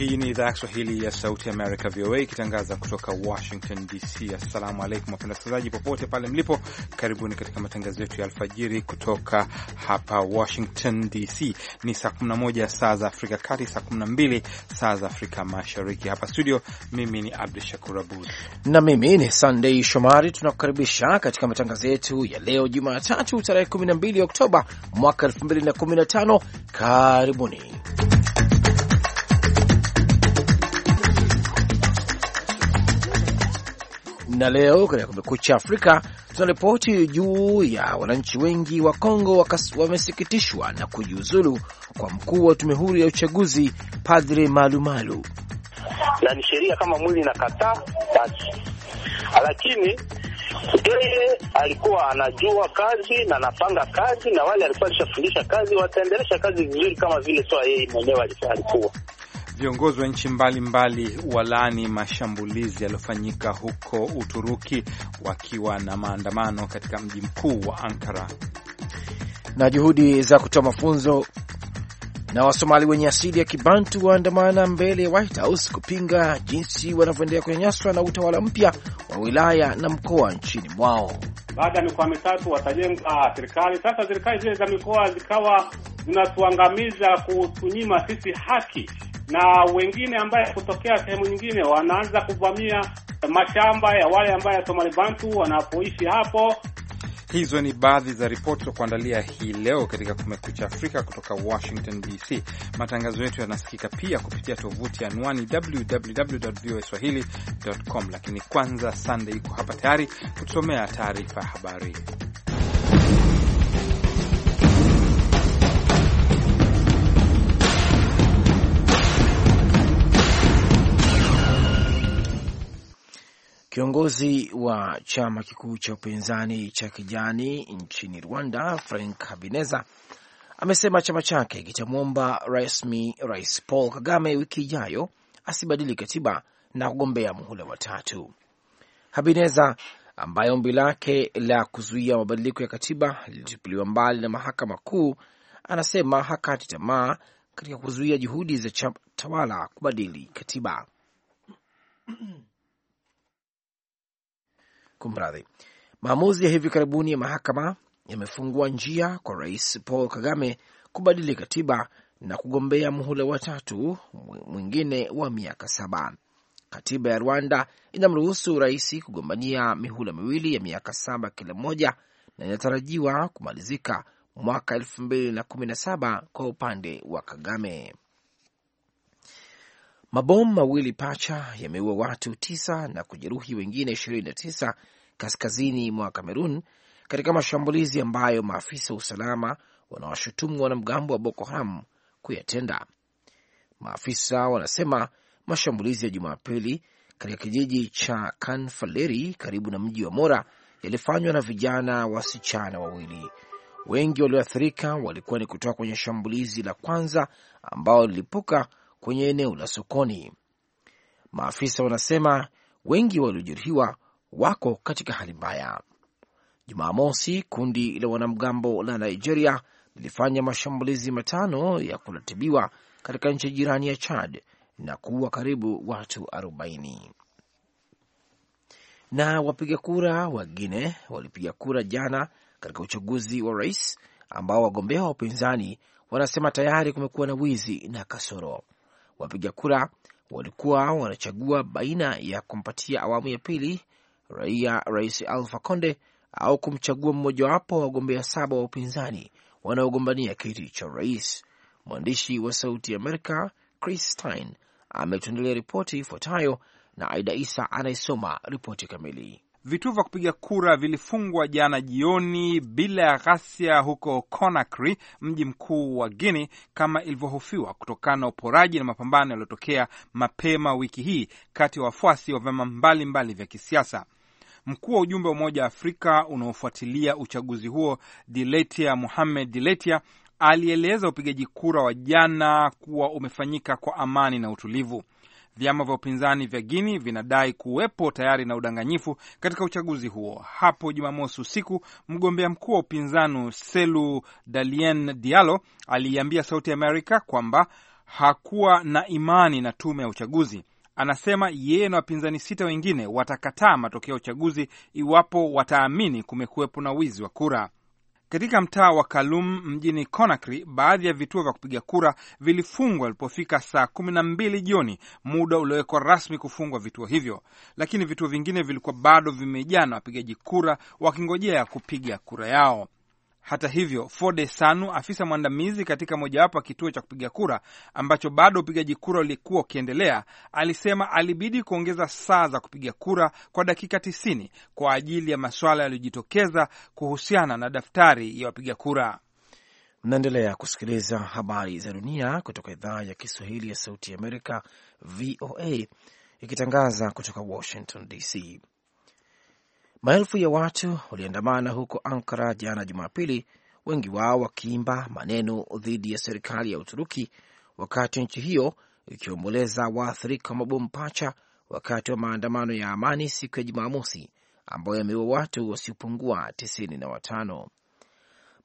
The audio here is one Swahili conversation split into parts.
Hii ni idhaa ya Kiswahili ya Sauti ya Amerika, VOA, ikitangaza kutoka Washington DC. Assalamu alaikum wapenda wasikilizaji popote pale mlipo, karibuni katika matangazo yetu ya alfajiri kutoka hapa Washington DC. Ni saa 11 saa za Afrika Kati, saa 12 saa za Afrika Mashariki. Hapa studio, mimi ni Abdu Shakur Abud na mimi ni Sandei Shomari. Tunakukaribisha katika matangazo yetu ya leo Jumatatu, tarehe 12 Oktoba mwaka 2015. Karibuni. na leo katika Kumekucha Afrika ripoti juu ya wananchi wengi wa Kongo wamesikitishwa na kujiuzulu kwa mkuu wa tume huru ya uchaguzi Padre Malumalu, na ni sheria kama mwili na kataa basi, lakini yeye alikuwa anajua kazi na anapanga kazi, na wale alikuwa alishafundisha kazi wataendelesha kazi vizuri, kama vile soa yeye mwenyewe alikuwa Viongozi wa nchi mbalimbali walaani mashambulizi yaliyofanyika huko Uturuki wakiwa na maandamano katika mji mkuu wa Ankara. Na juhudi za kutoa mafunzo na Wasomali wenye asili ya Kibantu waandamana mbele ya White House kupinga jinsi wanavyoendelea kunyanyaswa na utawala mpya wa wilaya na mkoa nchini mwao. Baada ya mikoa mitatu watajenga serikali. Sasa serikali zile za mikoa zikawa zinatuangamiza, kutunyima sisi haki, na wengine ambaye kutokea sehemu nyingine wanaanza kuvamia mashamba ya wale ambaye Somali Bantu wanapoishi hapo Hizo ni baadhi za ripoti za kuandalia hii leo katika Kumekucha Afrika kutoka Washington DC. Matangazo yetu yanasikika pia kupitia tovuti anwani www voa swahili com, lakini kwanza, Sande iko hapa tayari kutusomea taarifa ya habari. Kiongozi wa chama kikuu cha upinzani cha kijani nchini Rwanda, Frank Habineza, amesema chama chake kitamwomba rasmi Rais Paul Kagame wiki ijayo asibadili katiba na kugombea muhula watatu. Habineza ambaye ombi lake la kuzuia mabadiliko ya katiba lilitupiliwa mbali na mahakama kuu, anasema hakati tamaa katika kuzuia juhudi za chama tawala kubadili katiba kumradhi. Maamuzi ya hivi karibuni ya mahakama yamefungua njia kwa Rais Paul Kagame kubadili katiba na kugombea muhula wa tatu mwingine wa miaka saba. Katiba ya Rwanda inamruhusu rais kugombania mihula miwili ya miaka saba kila mmoja na inatarajiwa kumalizika mwaka elfu mbili na kumi na saba kwa upande wa Kagame. Mabomu mawili pacha yameua watu tisa na kujeruhi wengine 29 kaskazini mwa Kamerun katika mashambulizi ambayo maafisa wa usalama wanawashutumu wanamgambo wa Boko Haram kuyatenda. Maafisa wanasema mashambulizi ya Jumapili katika kijiji cha Kanfaleri karibu na mji wa Mora yalifanywa na vijana wasichana wawili. Wengi walioathirika walikuwa ni kutoka kwenye shambulizi la kwanza ambao lilipuka kwenye eneo la sokoni. Maafisa wanasema wengi waliojeruhiwa wako katika hali mbaya. Jumamosi, kundi la wanamgambo la Nigeria lilifanya mashambulizi matano ya kuratibiwa katika nchi jirani ya Chad na kuua karibu watu 40. Na wapiga kura wa Guine walipiga kura jana katika uchaguzi wa rais ambao wagombea wa upinzani wanasema tayari kumekuwa na wizi na kasoro wapiga kura walikuwa wanachagua baina ya kumpatia awamu ya pili raia Rais Alpha Conde au kumchagua mmojawapo wa wagombea saba wa upinzani wanaogombania kiti cha rais. Mwandishi wa Sauti Amerika Chris Stein ametuendelea ripoti ifuatayo, na Aida Isa anayesoma ripoti kamili. Vituo vya kupiga kura vilifungwa jana jioni bila ya ghasia huko Conakry, mji mkuu wa Guinea, kama ilivyohofiwa kutokana na uporaji na mapambano yaliyotokea mapema wiki hii kati ya wafuasi wa vyama mbalimbali vya kisiasa. Mkuu wa ujumbe wa Umoja wa Afrika unaofuatilia uchaguzi huo Diletia muhamed Diletia alieleza upigaji kura wa jana kuwa umefanyika kwa amani na utulivu vyama vya upinzani vya Guini vinadai kuwepo tayari na udanganyifu katika uchaguzi huo. Hapo Jumamosi usiku mgombea mkuu wa upinzani Selu Dalien Dialo aliiambia Sauti america Amerika kwamba hakuwa na imani na tume ya uchaguzi. Anasema yeye na wapinzani sita wengine watakataa matokeo ya uchaguzi iwapo wataamini kumekuwepo na wizi wa kura. Katika mtaa wa Kalum mjini Conakry, baadhi ya vituo vya kupiga kura vilifungwa ilipofika saa kumi na mbili jioni, muda uliowekwa rasmi kufungwa vituo hivyo, lakini vituo vingine vilikuwa bado vimejaa na wapigaji kura wakingojea kupiga kura yao. Hata hivyo, Fode Sanu, afisa mwandamizi katika mojawapo ya kituo cha kupiga kura ambacho bado upigaji kura ulikuwa ukiendelea, alisema alibidi kuongeza saa za kupiga kura kwa dakika 90 kwa ajili ya masuala yaliyojitokeza kuhusiana na daftari ya wapiga kura. Mnaendelea kusikiliza habari za dunia kutoka idhaa ya Kiswahili ya Sauti ya Amerika, VOA, ikitangaza kutoka Washington DC. Maelfu ya watu waliandamana huko Ankara jana Jumapili, wengi wao wakiimba maneno dhidi ya serikali ya Uturuki wakati nchi hiyo ikiomboleza waathirika wa mabomu pacha wakati wa maandamano ya amani siku ya Jumamosi ambayo yameua watu wasiopungua tisini na watano.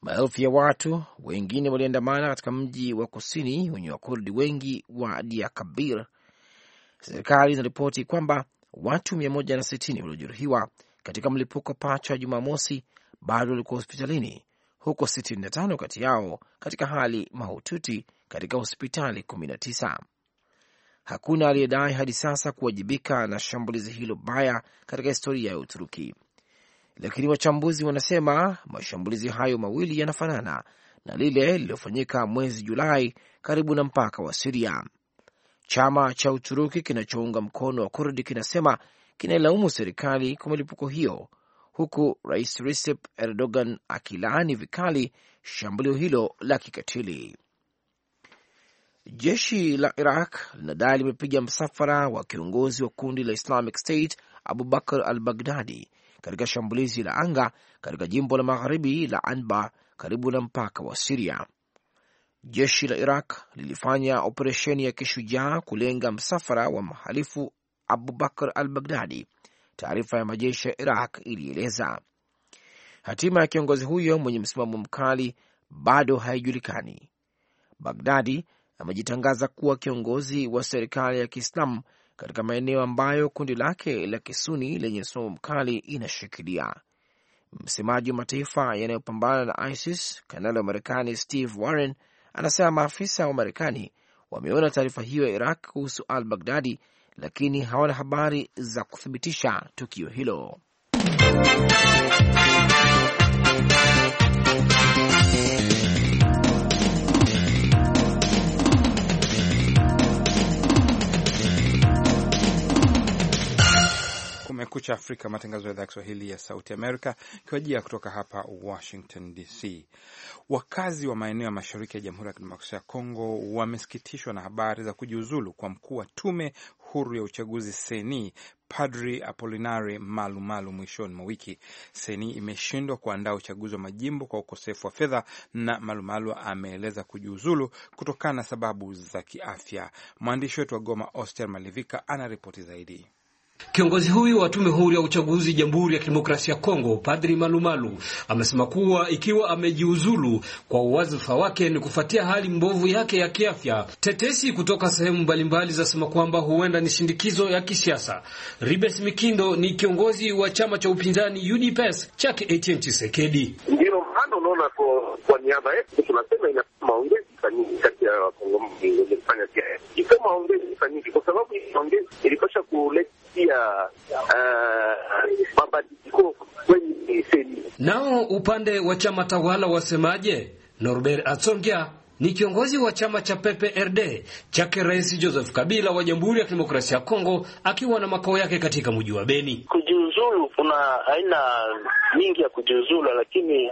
Maelfu ya watu wengine waliandamana katika mji wa kusini wenye Wakurdi wengi wa Diakabir. Serikali inaripoti kwamba watu 160 waliojeruhiwa katika mlipuko pacha Jumamosi bado walikuwa hospitalini, huko 65 kati yao katika hali mahututi katika hospitali 19. Hakuna aliyedai hadi sasa kuwajibika na shambulizi hilo baya katika historia ya Uturuki, lakini wachambuzi wanasema mashambulizi hayo mawili yanafanana na lile lililofanyika mwezi Julai karibu na mpaka wa Siria. Chama cha Uturuki kinachounga mkono wa Kurdi kinasema kinailaumu serikali kwa milipuko hiyo, huku rais Recep Erdogan akilaani vikali shambulio hilo la kikatili. Jeshi la Iraq linadai limepiga msafara wa kiongozi wa kundi la Islamic State Abubakar al Baghdadi katika shambulizi la anga katika jimbo la magharibi la Anbar karibu na mpaka wa Siria. Jeshi la Iraq lilifanya operesheni ya kishujaa kulenga msafara wa mhalifu Abubakar al Baghdadi, taarifa ya majeshi ya Iraq ilieleza. Hatima ya kiongozi huyo mwenye msimamo mkali bado haijulikani. Bagdadi amejitangaza kuwa kiongozi wa serikali ya Kiislamu katika maeneo ambayo kundi lake la Kisuni lenye msimamo mkali inashikilia. Msemaji wa mataifa yanayopambana na ISIS, kanali wa Marekani Steve Warren anasema maafisa wa Marekani wameona taarifa hiyo ya Iraq kuhusu al Baghdadi lakini hawana habari za kuthibitisha tukio hilo. Kumekucha Afrika, matangazo ya idhaa ya Kiswahili ya Sauti Amerika ikiwajia kutoka hapa Washington DC. Wakazi wa maeneo ya mashariki ya Jamhuri ya Kidemokrasia ya Kongo wamesikitishwa na habari za kujiuzulu kwa mkuu wa tume huru ya uchaguzi seni Padri Apolinari Malumalu mwishoni mwa wiki. Seni imeshindwa kuandaa uchaguzi wa majimbo kwa ukosefu wa fedha, na Malumalu ameeleza kujiuzulu kutokana na sababu za kiafya. Mwandishi wetu wa Goma, Oster Malivika, ana ripoti zaidi. Kiongozi huyu wa tume huru ya uchaguzi Jamhuri ya Kidemokrasia ya Kongo, Padri Malumalu amesema kuwa ikiwa amejiuzulu kwa uwazifa wake ni kufuatia hali mbovu yake ya kiafya. Tetesi kutoka sehemu mbalimbali zinasema kwamba huenda ni shindikizo ya kisiasa. Ribes Mikindo ni kiongozi wa chama cha upinzani UDPS chake Etienne Tshisekedi. Ndio maana unaona kwa niaba yetu tunasema ina maongezi kati ya wakongomani wenye kufanya siasa, ifanyike, kwa sababu ilipasha kuleta pia eh, mabadiliko kwenye seni. Nao upande wa chama tawala wasemaje? Norbert Atsongia ni kiongozi wa chama cha PPRD chake Rais Joseph Kabila wa Jamhuri ya Kidemokrasia ya Kongo akiwa na makao yake katika mji wa Beni. Kujiuzulu, kuna aina mingi ya kujiuzulu, lakini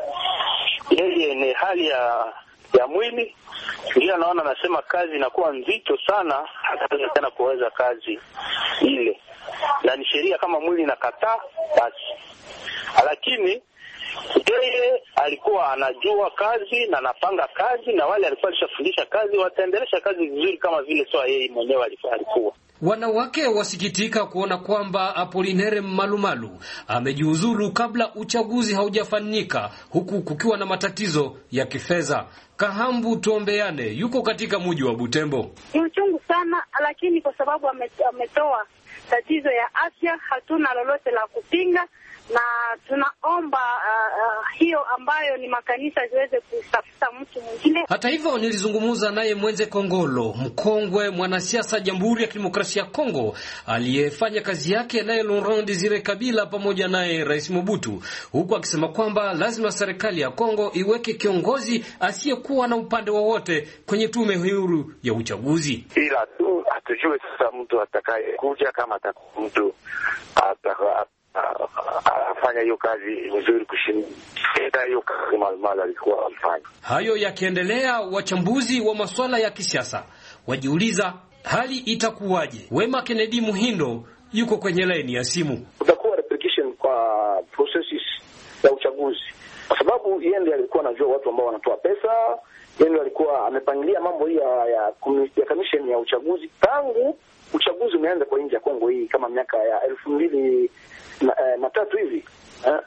yeye ni hali ya ya mwili, ndio naona nasema kazi inakuwa nzito sana, hataweza tena kuweza kazi ile, na ni sheria kama mwili inakataa basi. Lakini yeye alikuwa anajua kazi na anapanga kazi, na wale alikuwa alishafundisha kazi wataendelesha kazi vizuri, kama vile soa yeye mwenyewe alikuwa Wanawake wasikitika kuona kwamba Apolinere Malumalu amejiuzuru kabla uchaguzi haujafanyika huku kukiwa na matatizo ya kifedha. Kahambu tuombeane yuko katika muji wa Butembo. Ni uchungu sana, lakini kwa sababu ametoa tatizo ya afya, hatuna lolote la kupinga na tunaomba uh, uh, hiyo ambayo ni makanisa ziweze kutafuta mtu mwingine. Hata hivyo, nilizungumza naye Mwenze Kongolo, mkongwe mwanasiasa Jamhuri ya Kidemokrasia ya Kongo aliyefanya kazi yake naye Laurent Desire Kabila pamoja naye Rais Mobutu, huku akisema kwamba lazima serikali ya Kongo iweke kiongozi asiye kutokuwa na upande wowote kwenye tume huru ya uchaguzi, ila tu hatujue sasa mtu atakayekuja kama atakuwa mtu afanya hiyo kazi vizuri kushinda hiyo kazi Malmal alikuwa amfanya. Hayo yakiendelea, wachambuzi wa masuala ya kisiasa wajiuliza hali itakuwaje. Wema Kennedy Muhindo yuko kwenye laini ya simu. Kutakuwa kwa processes za uchaguzi kwa sababu yeye ndiye alikuwa anajua watu ambao wanatoa pesa. Yeye ndiye alikuwa amepangilia mambo hii ya ya, ya commission ya uchaguzi tangu uchaguzi umeanza kwa nchi ya Kongo hii kama miaka ya elfu mbili na, eh, na tatu hivi eh?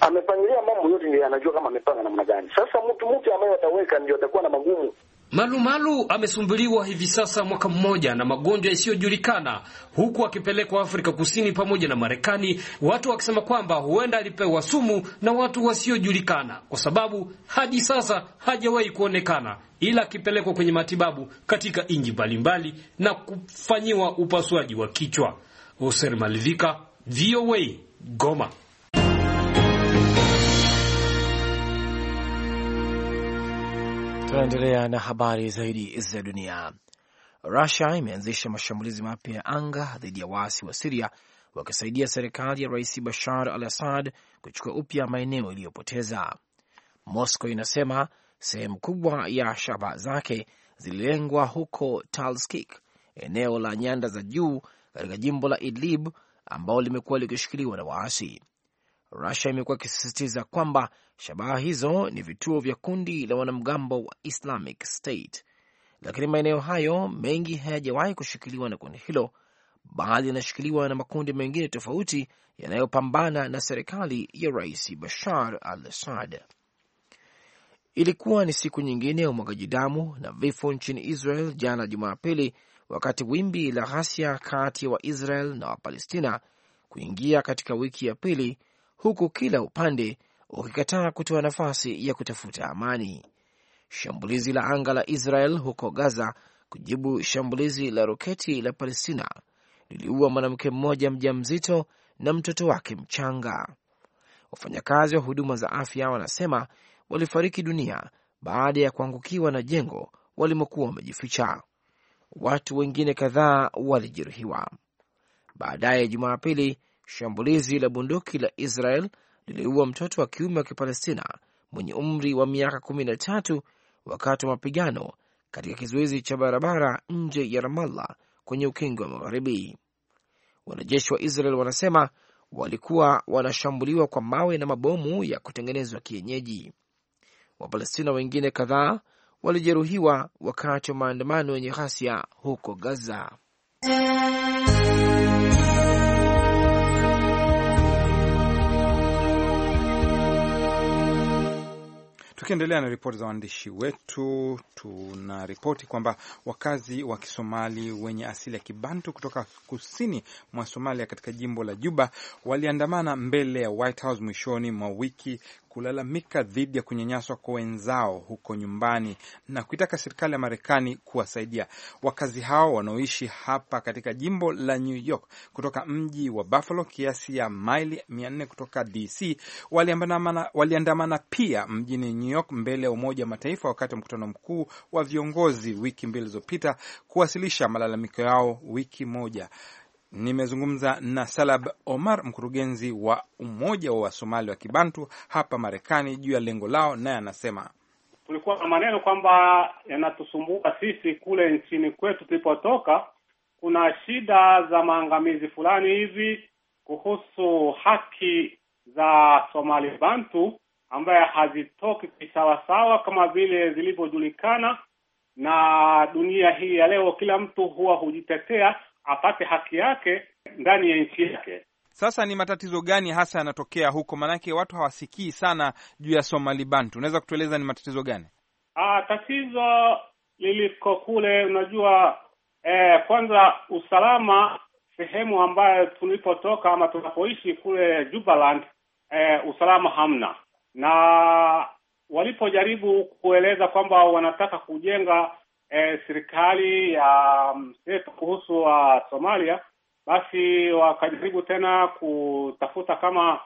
Amepangilia mambo yote, ndiye anajua kama amepanga namna gani. Sasa mtu mtu ambaye wataweka ndio atakuwa na magumu Malumalu amesumbuliwa hivi sasa mwaka mmoja na magonjwa yasiyojulikana, huku akipelekwa Afrika Kusini pamoja na Marekani, watu wakisema kwamba huenda alipewa sumu na watu wasiojulikana, kwa sababu hadi sasa hajawahi kuonekana, ila akipelekwa kwenye matibabu katika nchi mbalimbali na kufanyiwa upasuaji wa kichwa. hoser Malivika, VOA, Goma. Tunaendelea na habari zaidi za dunia. Rusia imeanzisha mashambulizi mapya ya anga dhidi ya waasi wa Siria wakisaidia serikali ya rais Bashar al Assad kuchukua upya maeneo iliyopoteza. Moscow inasema sehemu kubwa ya shaba zake zililengwa huko Talskik, eneo la nyanda za juu katika jimbo la Idlib ambao limekuwa likishikiliwa na waasi. Rusia imekuwa ikisisitiza kwamba shabaha hizo ni vituo vya kundi la wanamgambo wa Islamic State, lakini maeneo hayo mengi hayajawahi kushikiliwa na kundi hilo, baadhi yanashikiliwa na makundi mengine tofauti yanayopambana na serikali ya Rais Bashar al Assad. Ilikuwa ni siku nyingine ya umwagaji damu na vifo nchini Israel jana Jumapili, wakati wimbi la ghasia kati ya Waisrael na Wapalestina kuingia katika wiki ya pili huku kila upande ukikataa kutoa nafasi ya kutafuta amani. Shambulizi la anga la Israel huko Gaza kujibu shambulizi la roketi la Palestina liliua mwanamke mmoja mja mzito na mtoto wake mchanga. Wafanyakazi wa huduma za afya wanasema walifariki dunia baada ya kuangukiwa na jengo walimokuwa wamejificha. Watu wengine kadhaa walijeruhiwa. Baadaye Jumapili, Shambulizi la bunduki la Israel liliua mtoto wa kiume wa Kipalestina mwenye umri wa miaka kumi na tatu wakati wa mapigano katika kizuizi cha barabara nje ya Ramallah kwenye ukingo wa Magharibi. Wanajeshi wa Israel wanasema walikuwa wanashambuliwa kwa mawe na mabomu ya kutengenezwa kienyeji. Wapalestina wengine kadhaa walijeruhiwa wakati wa maandamano yenye ghasia huko Gaza. Tukiendelea na ripoti za waandishi wetu, tuna ripoti kwamba wakazi wa Kisomali wenye asili ya Kibantu kutoka kusini mwa Somalia katika jimbo la Juba waliandamana mbele ya White House mwishoni mwa wiki kulalamika dhidi ya kunyanyaswa kwa wenzao huko nyumbani na kuitaka serikali ya Marekani kuwasaidia. Wakazi hao wanaoishi hapa katika jimbo la New York kutoka mji wa Buffalo, kiasi ya maili 400 kutoka DC, waliandamana pia mjini New York mbele ya Umoja wa Mataifa wakati wa mkutano mkuu wa viongozi wiki mbili zilizopita kuwasilisha malalamiko yao wiki moja Nimezungumza na Salab Omar, mkurugenzi wa umoja wa Wasomali wa Kibantu hapa Marekani, juu ya lengo lao, naye anasema kulikuwa na maneno kwamba yanatusumbua sisi kule nchini kwetu tulipotoka. Kuna shida za maangamizi fulani hivi kuhusu haki za Somali Bantu ambaye hazitoki kisawasawa kama vile zilivyojulikana na dunia hii ya leo. Kila mtu huwa hujitetea apate haki yake ndani ya nchi yake. Sasa ni matatizo gani hasa yanatokea huko? Maanake watu hawasikii sana juu ya Somali Bantu, unaweza kutueleza ni matatizo gani? Aa, ah, tatizo liliko kule, unajua eh, kwanza usalama sehemu ambayo tulipotoka ama tunapoishi kule Jubaland, eh, usalama hamna, na walipojaribu kueleza kwamba wanataka kujenga e, serikali ya mseto kuhusu wa Somalia, basi wakajaribu tena kutafuta kama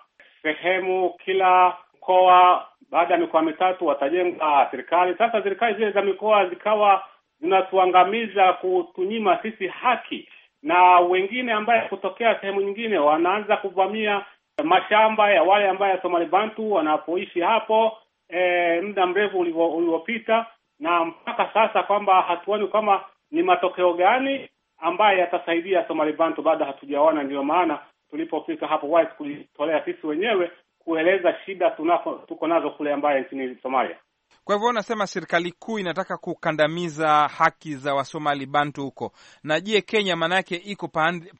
sehemu kila mkoa baada ya mikoa mitatu watajenga serikali. Sasa serikali zile za mikoa zikawa zinatuangamiza, kutunyima sisi haki, na wengine ambaye kutokea sehemu nyingine wanaanza kuvamia mashamba ya wale ambaye Somali Bantu wanapoishi hapo. E, muda mrefu uliopita na mpaka sasa kwamba hatuoni kama ni matokeo gani ambaye yatasaidia Bantu bado hatujaona. ndio maana tulipofika hapo White kujitolea sisi wenyewe kueleza shida tunako tuko nazo kule ambaye nchini Somalia. Kwa hivyo unasema serikali kuu inataka kukandamiza haki za Wasomali bantu huko. Na je, Kenya maanake iko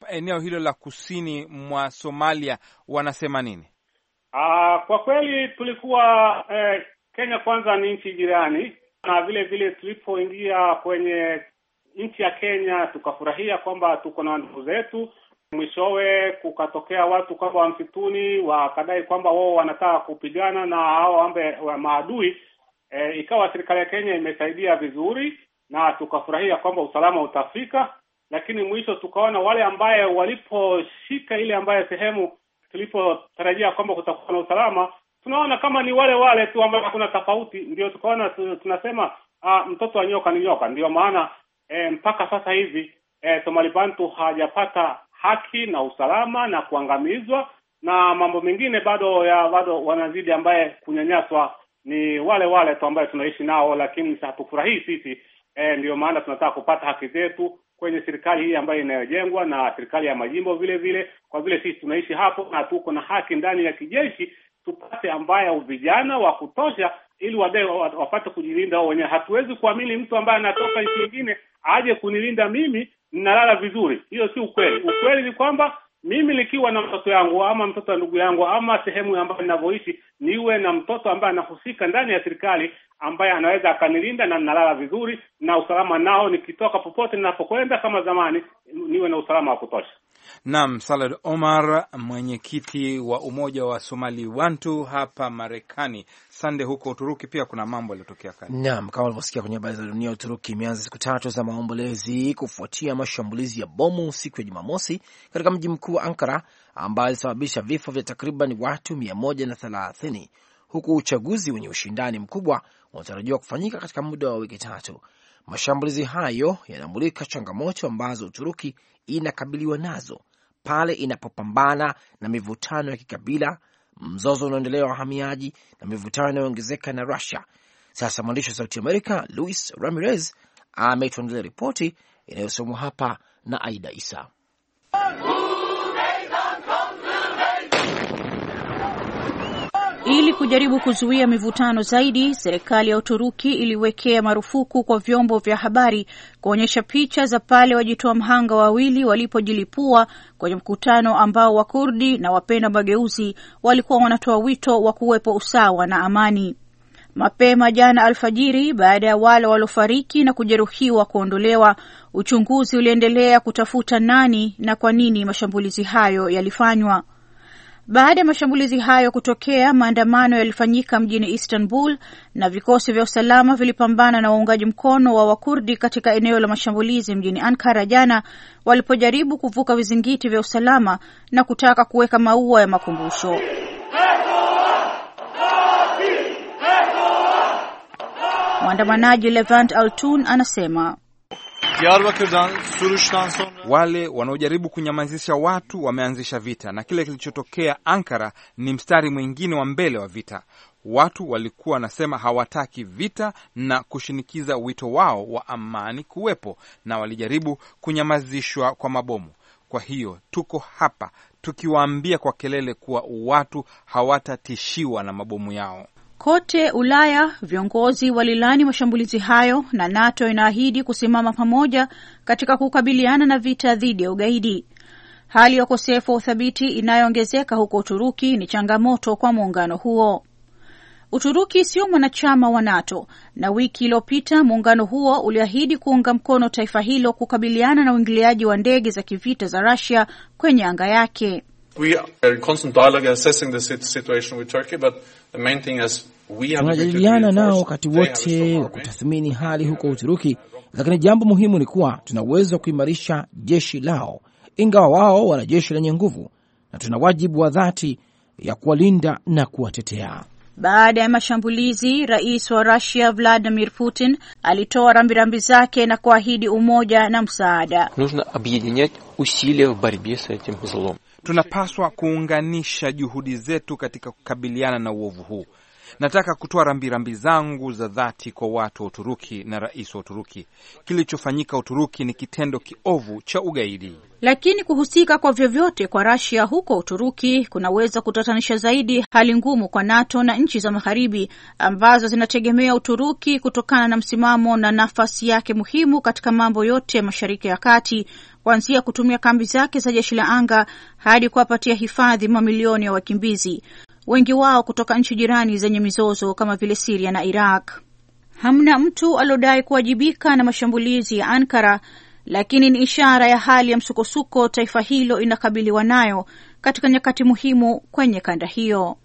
eneo hilo la kusini mwa Somalia, wanasema nini? Aa, ah, kwa kweli tulikuwa eh, Kenya kwanza ni nchi jirani na ah, vile vile tulipoingia kwenye nchi ya Kenya tukafurahia kwamba tuko na ndugu zetu. Mwishowe kukatokea watu kama wa msituni wakadai kwamba wao wanataka kupigana na hao ambe wa maadui. E, ikawa serikali ya Kenya imesaidia vizuri na tukafurahia kwamba usalama utafika, lakini mwisho tukaona wale ambaye waliposhika ile ambaye sehemu tulipotarajia kwamba kutakuwa na usalama tunaona kama ni wale wale tu ambao hakuna tofauti, ndio tukaona tunasema ah, mtoto wa nyoka ni nyoka. Ndio maana eh, mpaka sasa hivi eh, Somali Bantu hajapata haki na usalama na kuangamizwa na mambo mengine bado ya bado wanazidi ambaye kunyanyaswa ni wale wale tu ambaye tunaishi nao, lakini hatufurahii sisi e, ndio maana tunataka kupata haki zetu kwenye serikali hii ambayo inayojengwa na serikali ya majimbo vile vile, kwa vile sisi tunaishi hapo na tuko na haki ndani ya kijeshi tupate ambaye vijana wa kutosha ili wadai wapate kujilinda wao wenyewe. Hatuwezi kuamini mtu ambaye anatoka nchi nyingine aje kunilinda mimi, ninalala vizuri. Hiyo si ukweli. Ukweli ni kwamba mimi nikiwa na mtoto yangu ama mtoto wa ndugu yangu ama sehemu ambayo ninavyoishi, niwe na mtoto ambaye anahusika ndani ya serikali ambaye anaweza akanilinda na ninalala vizuri na usalama nao, nikitoka popote ninapokwenda kama zamani, niwe na usalama wa kutosha. Naam, Salad Omar, mwenyekiti wa umoja wa Somali Wantu hapa Marekani. Sande, huko Uturuki pia kuna mambo yaliyotokea kali. Naam, kama ulivyosikia kwenye habari za dunia, Uturuki imeanza siku tatu za maombolezi kufuatia mashambulizi ya bomu siku ya Jumamosi katika mji mkuu wa Ankara ambayo alisababisha vifo vya takriban watu na thelathini huku uchaguzi wenye ushindani mkubwa unatarajiwa kufanyika katika muda wa wiki tatu. Mashambulizi hayo yanamulika changamoto ambazo Uturuki inakabiliwa nazo pale inapopambana na mivutano ya kikabila, mzozo unaoendelea wa wahamiaji na mivutano inayoongezeka na Rusia. Sasa mwandishi wa Sauti Amerika Luis Ramirez ametuandalia ripoti inayosomwa hapa na Aida Isa. Ili kujaribu kuzuia mivutano zaidi, serikali ya Uturuki iliwekea marufuku kwa vyombo vya habari kuonyesha picha za pale wajitoa mhanga wawili walipojilipua kwenye mkutano ambao Wakurdi na wapenda mageuzi walikuwa wanatoa wito wa kuwepo usawa na amani. Mapema jana alfajiri, baada ya wale waliofariki na kujeruhiwa kuondolewa, uchunguzi uliendelea kutafuta nani na kwa nini mashambulizi hayo yalifanywa. Baada ya mashambulizi hayo kutokea, maandamano yalifanyika mjini Istanbul na vikosi vya usalama vilipambana na waungaji mkono wa Wakurdi katika eneo la mashambulizi mjini Ankara jana, walipojaribu kuvuka vizingiti vya usalama na kutaka kuweka maua ya makumbusho. Mwandamanaji Levant Altun anasema wale wanaojaribu kunyamazisha watu wameanzisha vita, na kile kilichotokea Ankara ni mstari mwingine wa mbele wa vita. Watu walikuwa wanasema hawataki vita na kushinikiza wito wao wa amani kuwepo, na walijaribu kunyamazishwa kwa mabomu. Kwa hiyo tuko hapa tukiwaambia kwa kelele kuwa watu hawatatishiwa na mabomu yao. Kote Ulaya viongozi walilani mashambulizi hayo na NATO inaahidi kusimama pamoja katika kukabiliana na vita dhidi ya ugaidi. Hali ya ukosefu wa uthabiti inayoongezeka huko Uturuki ni changamoto kwa muungano huo. Uturuki sio mwanachama wa NATO na wiki iliyopita muungano huo uliahidi kuunga mkono taifa hilo kukabiliana na uingiliaji wa ndege za kivita za Russia kwenye anga yake. We are in constant dialogue assessing the situation with Turkey, but the main thing is we have tunajadiliana nao wakati wote wa kutathmini hali huko Uturuki, lakini jambo muhimu ni kuwa tuna uwezo wa kuimarisha jeshi lao, ingawa wao wana jeshi lenye nguvu, na tuna wajibu wa dhati ya kuwalinda na kuwatetea. Baada ya mashambulizi, rais wa Rusia Vladimir Putin alitoa rambirambi zake na kuahidi umoja na msaada. Tunapaswa kuunganisha juhudi zetu katika kukabiliana na uovu huu. Nataka kutoa rambirambi zangu za dhati kwa watu wa Uturuki na rais wa Uturuki. Kilichofanyika Uturuki ni kitendo kiovu cha ugaidi, lakini kuhusika kwa vyovyote kwa Rasia huko Uturuki kunaweza kutatanisha zaidi hali ngumu kwa NATO na nchi za Magharibi ambazo zinategemea Uturuki kutokana na msimamo na nafasi yake muhimu katika mambo yote ya Mashariki ya Kati kuanzia kutumia kambi zake za jeshi la anga hadi kuwapatia hifadhi mamilioni ya wakimbizi, wengi wao kutoka nchi jirani zenye mizozo kama vile Siria na Iraq. Hamna mtu aliodai kuwajibika na mashambulizi ya Ankara, lakini ni ishara ya hali ya msukosuko taifa hilo inakabiliwa nayo katika nyakati muhimu kwenye kanda hiyo.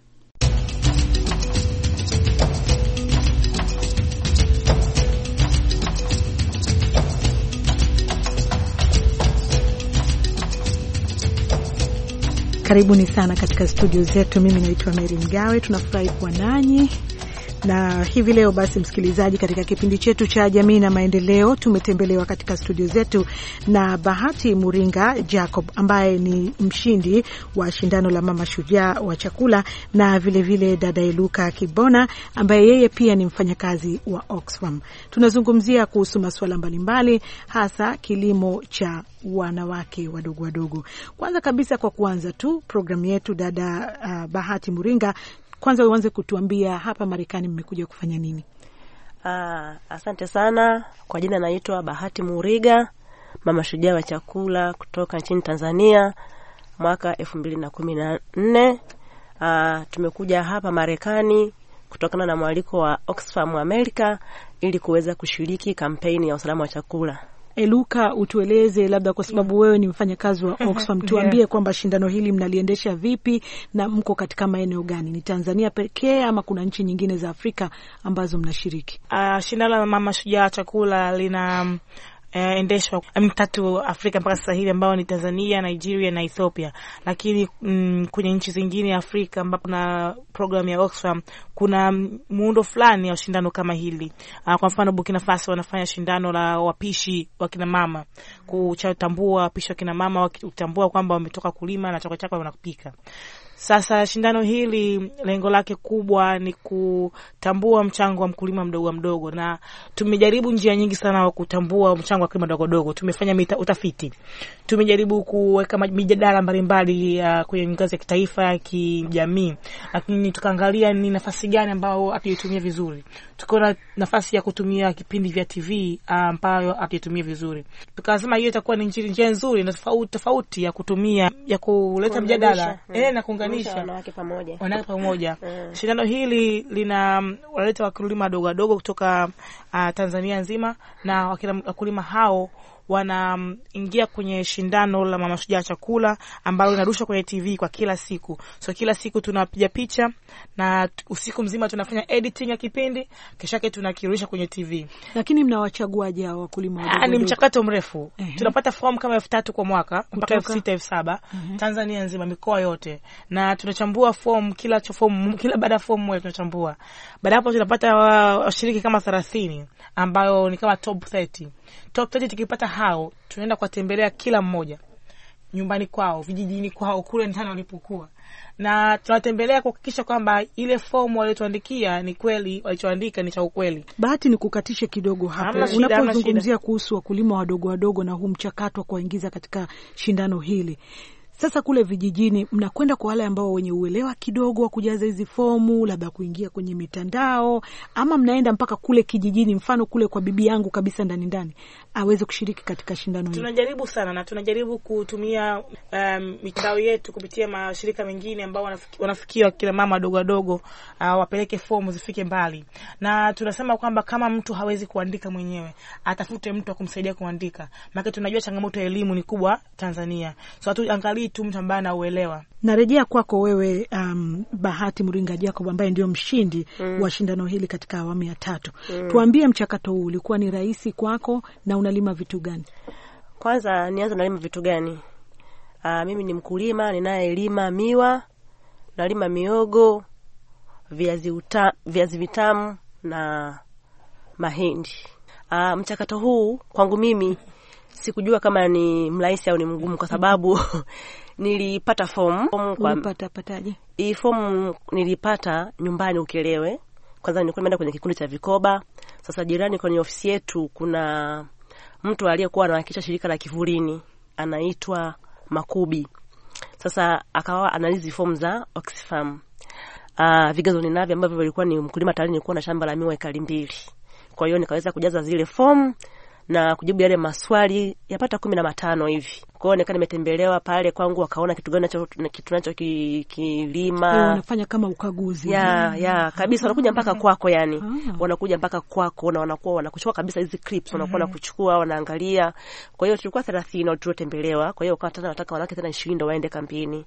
Karibuni sana katika studio zetu. Mimi naitwa Meri Mgawe, tunafurahi kuwa nanyi na hivi leo basi, msikilizaji, katika kipindi chetu cha jamii na maendeleo tumetembelewa katika studio zetu na Bahati Muringa Jacob ambaye ni mshindi wa shindano la mama shujaa wa chakula na vilevile vile dada Eluka Kibona ambaye yeye pia ni mfanyakazi wa Oxfam. Tunazungumzia kuhusu masuala mbalimbali, hasa kilimo cha wanawake wadogo wadogo. Kwanza kabisa, kwa kuanza tu programu yetu, dada uh, Bahati Muringa, kwanza uanze kutuambia hapa Marekani mmekuja kufanya nini? Aa, ah, asante sana kwa jina, naitwa Bahati Muriga, mama shujaa wa chakula kutoka nchini Tanzania. Mwaka elfu mbili na kumi na nne ah, tumekuja hapa Marekani kutokana na mwaliko wa Oxfam America ili kuweza kushiriki kampeni ya usalama wa chakula. Eluka, eh, utueleze labda, kwa sababu wewe ni mfanyakazi wa mm-hmm. Oxfam, tuambie yeah, kwamba shindano hili mnaliendesha vipi na mko katika maeneo gani? Ni Tanzania pekee ama kuna nchi nyingine za Afrika ambazo mnashiriki? Uh, shindano la mama shujaa chakula lina Eh, endeshwa uh, tatu Afrika mpaka sasa hivi ambao ni Tanzania, Nigeria na Ethiopia. Lakini mm, kwenye nchi zingine ya Afrika ambapo na programu ya Oxfam kuna muundo fulani ya shindano kama hili uh, kwa mfano Burkina Faso wanafanya shindano la wapishi wa kina mama kuchatambua wapishi wa kina mama, wakitambua kwamba wametoka kulima na chakula chako wanapika sasa shindano hili lengo lake kubwa ni kutambua mchango wa mkulima mdogo mdogo, na tumejaribu njia nyingi sana wa kutambua mchango wa mkulima mdogo mdogo. Tumefanya mita, utafiti, tumejaribu kuweka mijadala mbalimbali uh, kwenye ngazi ya kitaifa ya kijamii, lakini tukaangalia ni nafasi gani ambayo hatuitumia vizuri. Tukaona nafasi ya kutumia kipindi vya TV ambayo uh, hatuitumia vizuri. Tukasema hiyo itakuwa ni njia nzuri na tofauti tofauti ya kutumia ya kuleta mjadala mm. eh na kuunganisha wanawake pamoja, wanawake pamoja. Mm. Shindano hili lina linawaleta mm, wakulima wadogo wadogo kutoka uh, Tanzania nzima na wakulima hao wanaingia kwenye shindano la mama shujaa chakula ambalo linarushwa kwenye TV kwa kila siku. So kila siku tunapiga picha na usiku mzima tunafanya editing ya kipindi, kesho yake tunakirusha kwenye TV. Lakini mnawachaguaje hao wakulima ah, wadogo? Ni mchakato mrefu. Uh -huh. Tunapata fomu kama elfu tatu kwa mwaka mpaka elfu sita elfu saba Tanzania nzima, mikoa yote, na tunachambua fomu kila fomu kila baada ya fomu moja tunachambua. Baada hapo tunapata washiriki kama 30 ambayo ni kama top 30. Top 30 tukipata hao tunaenda kuwatembelea kila mmoja nyumbani kwao, vijijini kwao, kule ndani walipokuwa, na tunatembelea kuhakikisha kwamba ile fomu waliotuandikia ni kweli, walichoandika ni cha ukweli. Bahati ni kukatishe kidogo hapo, unapozungumzia kuhusu wakulima wadogo wadogo na huu mchakato wa kuwaingiza katika shindano hili sasa kule vijijini mnakwenda kwa wale ambao wenye uelewa kidogo wa kujaza hizi fomu, labda kuingia kwenye mitandao, ama mnaenda mpaka kule kijijini? Mfano kule kwa bibi yangu kabisa ndani ndani, aweze kushiriki katika shindano hili. Tunajaribu sana na tunajaribu kutumia um, mitandao yetu kupitia mashirika mengine ambao wanafiki, wanafikia kina mama wadogo wadogo, uh, wapeleke fomu zifike mbali, na tunasema kwamba kama mtu hawezi kuandika mwenyewe atafute mtu wa kumsaidia kuandika, maana tunajua changamoto ya elimu ni kubwa Tanzania, so hatuangalii tu mtu ambaye anauelewa. Narejea kwako wewe, um, Bahati Mringa Jacob ambaye ndio mshindi mm. wa shindano hili katika awamu ya tatu mm. tuambie mchakato huu ulikuwa ni rahisi kwako na unalima vitu gani? Kwanza nianze nalima vitu gani? Aa, ah, mimi ni mkulima ninayelima miwa, nalima miogo, viazi uta, viazi vitamu na mahindi. Aa, ah, mchakato huu kwangu mimi sikujua kama ni mrahisi au ni mgumu kwa sababu nilipata fomu. Ulipata pataje? Hii fomu nilipata nyumbani Ukelewe. Kwanza nilikuwa nimeenda kwenye kikundi cha vikoba. Sasa jirani kwenye ofisi yetu kuna mtu aliyekuwa anawakilisha shirika la Kivulini anaitwa Makubi. Sasa akawa analizi fomu za Oxfam. Uh, ah, vigezo ninavyo ambavyo vilikuwa ni mkulima tayari nilikuwa na shamba la miwa ekari mbili. Kwa hiyo nikaweza kujaza zile fomu na kujibu yale maswali yapata kumi na matano hivi. kwao. nikaa nimetembelewa pale kwangu, wakaona kitu gani kitu nacho kilima ki, wanafanya kama ukaguzi ya mm. ya kabisa, ah. wanakuja mpaka kwako, yani ah. wanakuja mpaka kwako na wanakuwa wanakuchukua kabisa hizi clips, wanakuwa mm-hmm. wanakuchukua wanaangalia. Kwa hiyo tulikuwa 30 tuliotembelewa, kwa hiyo wakawa tena wanataka wanawake tena 20 ndo waende kampini.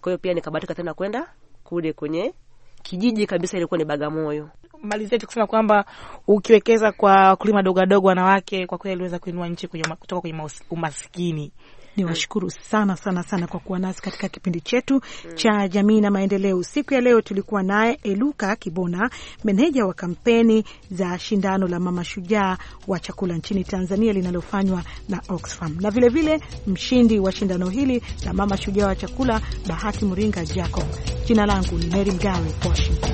Kwa hiyo pia nikabahatika tena kwenda kule kwenye kijiji kabisa ilikuwa ni Bagamoyo. Malizia tu kusema kwamba ukiwekeza kwa wakulima dogo dogo wanawake, kwa kweli aliweza kuinua nchi kutoka kwenye umaskini ni washukuru sana sana sana kwa kuwa nasi katika kipindi chetu cha jamii na maendeleo. Siku ya leo tulikuwa naye Eluka Kibona, meneja wa kampeni za shindano la mama shujaa wa chakula nchini Tanzania linalofanywa na Oxfam, na vilevile vile, mshindi wa shindano hili la mama shujaa wa chakula Bahati Mringa Jacob. Jina langu ni Meri Mgawe, Washington.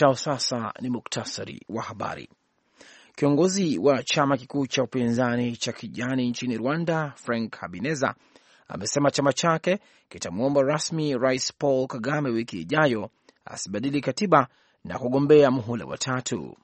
Ifuatao sasa ni muktasari wa habari. Kiongozi wa chama kikuu cha upinzani cha kijani nchini Rwanda, Frank Habineza, amesema chama chake kitamwomba rasmi Rais Paul Kagame wiki ijayo asibadili katiba na kugombea muhula wa tatu.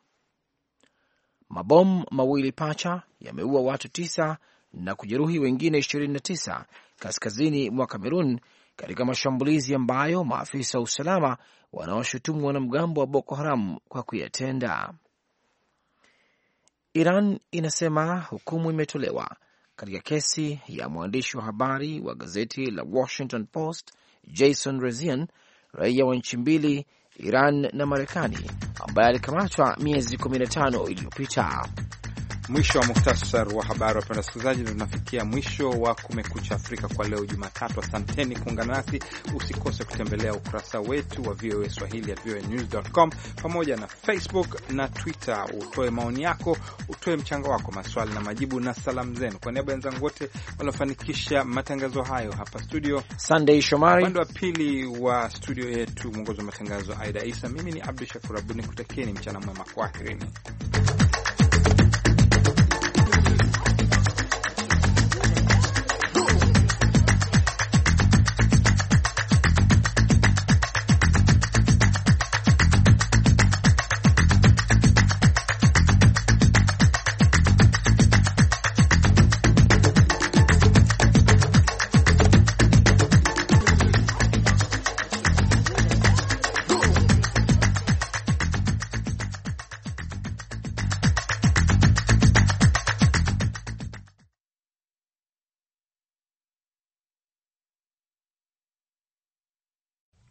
Mabomu mawili pacha yameua watu tisa na kujeruhi wengine 29 kaskazini mwa Kamerun katika mashambulizi ambayo maafisa wa usalama wanaoshutumu wanamgambo wa Boko Haram kwa kuyatenda. Iran inasema hukumu imetolewa katika kesi ya mwandishi wa habari wa gazeti la Washington Post Jason Rezian, raia wa nchi mbili Iran na Marekani, ambaye alikamatwa miezi 15 iliyopita. Mwisho wa muktasar wa habari. Wapenda wasikilizaji, tunafikia mwisho wa Kumekucha Afrika kwa leo Jumatatu. Asanteni kuungana nasi, usikose kutembelea ukurasa wetu wa VOA Swahili VOA news.com pamoja na Facebook na Twitter. Utoe maoni yako, utoe mchango wako, maswali na majibu na salamu zenu. Kwa niaba ya wenzangu wote waliofanikisha matangazo hayo hapa studio, Sandey Shomari upande wa pili wa studio yetu, mwongozi wa matangazo Aida Isa, mimi ni Abdu Shakur Abud nikutakieni mchana mwema, kwaherini.